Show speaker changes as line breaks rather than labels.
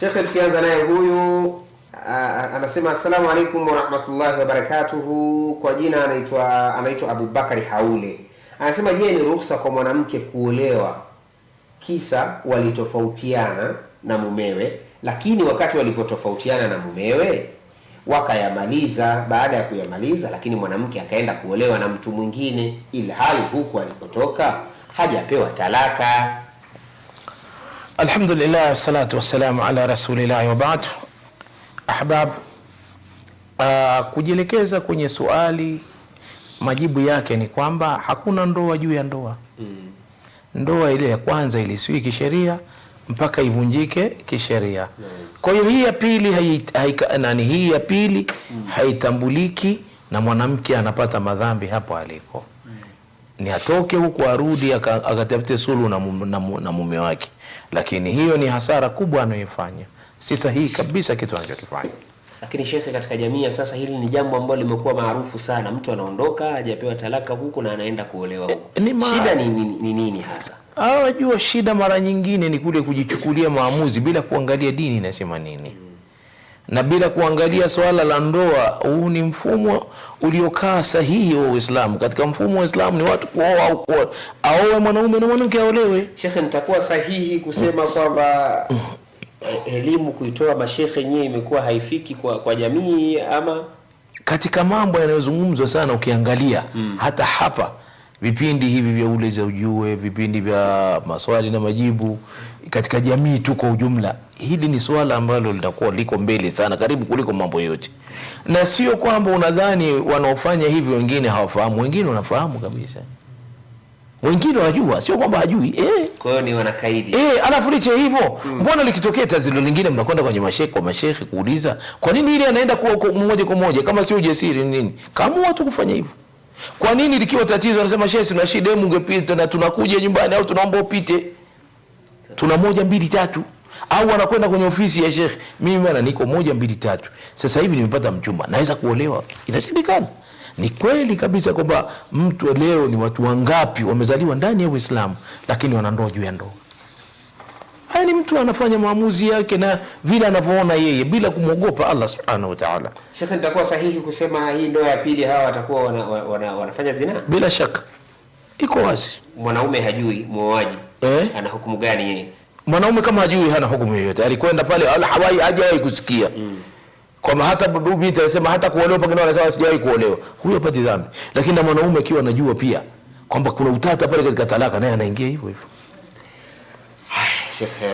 Shekhe, tukianza naye huyu anasema assalamu alaikum warahmatullahi wabarakatuhu. Kwa jina anaitwa anaitwa Abubakari Haule, anasema je, ni ruhusa kwa mwanamke kuolewa kisa walitofautiana na mumewe, lakini wakati walivyotofautiana na mumewe wakayamaliza. Baada ya kuyamaliza, lakini mwanamke akaenda kuolewa na mtu mwingine, ilhali huku alipotoka hajapewa talaka.
Alhamdulillah wassalatu wassalamu ala rasulillahi wabaadu. Ahbab, uh, kujielekeza kwenye suali majibu yake ni kwamba hakuna ndoa juu ya ndoa mm. Ndoa ile ya kwanza ilisui kisheria mpaka ivunjike kisheria Kwa hiyo hii ya pili nani hii ya pili mm. haitambuliki na mwanamke anapata madhambi hapo aliko ni atoke huko arudi akatafute sulu na, mum, na, na mume wake, lakini hiyo ni hasara kubwa anayofanya. Si sahihi kabisa kitu anachokifanya.
Lakini shekhe, katika jamii ya sasa hili ni jambo ambalo limekuwa maarufu sana. Mtu anaondoka hajapewa talaka huku na anaenda kuolewa huko. E, eh, ni ma... shida ni nini, ni, ni, ni hasa?
wajua shida mara nyingine ni kule kujichukulia maamuzi bila kuangalia dini inasema nini. hmm na bila kuangalia swala la ndoa. Huu ni mfumo uliokaa sahihi wa Uislamu. Katika mfumo wa Uislamu ni watu kuoa au kuoa, aoe mwanaume na mwanamke aolewe.
Shekhe, nitakuwa sahihi kusema mm. kwamba mm. Eh, elimu kuitoa mashehe yenyewe imekuwa haifiki kwa, kwa jamii ama
katika mambo yanayozungumzwa sana ukiangalia hmm. hata hapa vipindi hivi vya Uliza Ujue, vipindi vya maswali na majibu katika jamii tu kwa ujumla. Hili ni swala ambalo litakuwa liko mbele sana, karibu kuliko mambo yote, na sio kwamba unadhani wanaofanya hivi wengine hawafahamu. Wengine wanafahamu kabisa, wengine wanajua, sio kwamba hajui eh.
Kwa hiyo ni wanakaidi
eh, alafu liche hivyo mm. Mbona likitokea tazilo lingine mnakwenda kwenye mashehe kwa mashehe kuuliza kwa nini ile anaenda kwa moja kwa moja, kama sio ujasiri nini, kaamua tu kufanya hivyo. Kwa nini likiwa tatizo anasema shehe, sina shida, hebu ungepita na tunakuja nyumbani au tunaomba upite, tuna moja mbili tatu, au anakwenda kwenye ofisi ya shehe, mimi bwana niko moja mbili tatu, sasa hivi nimepata mchumba, naweza kuolewa? Inashindikana. Ni kweli kabisa kwamba mtu leo, ni watu wangapi wamezaliwa ndani ya Uislamu lakini wanandoa juu ya ndoa Yaani mtu anafanya maamuzi yake na vile anavyoona yeye bila kumwogopa Allah subhanahu wa ta'ala.
Sheikh, nitakuwa sahihi kusema hii ndoa ya pili hawa watakuwa wana, wana, wanafanya zina?
Bila shaka iko wazi.
Mwanaume hajui muoaji eh? ana hukumu gani yeye?
Mwanaume kama hajui hana hukumu yoyote, alikwenda pale alhawai, hajawahi kusikia mm. kwamba hata binti anasema hata kuolewa, pengine wanasema sijawahi kuolewa, huyo pati dhambi. Lakini na mwanaume akiwa anajua pia kwamba kuna utata pale katika talaka, naye anaingia hivyo hivyo.